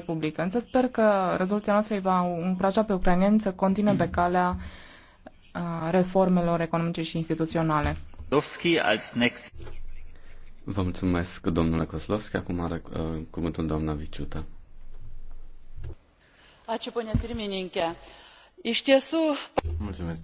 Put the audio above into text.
poziție publică. Însă sper că rezoluția noastră îi va încuraja pe ucraineni să continue pe calea reformelor economice și instituționale. Vă mulțumesc, domnule Koslovski. Acum are uh, cuvântul doamna Viciuta. Mulțumesc,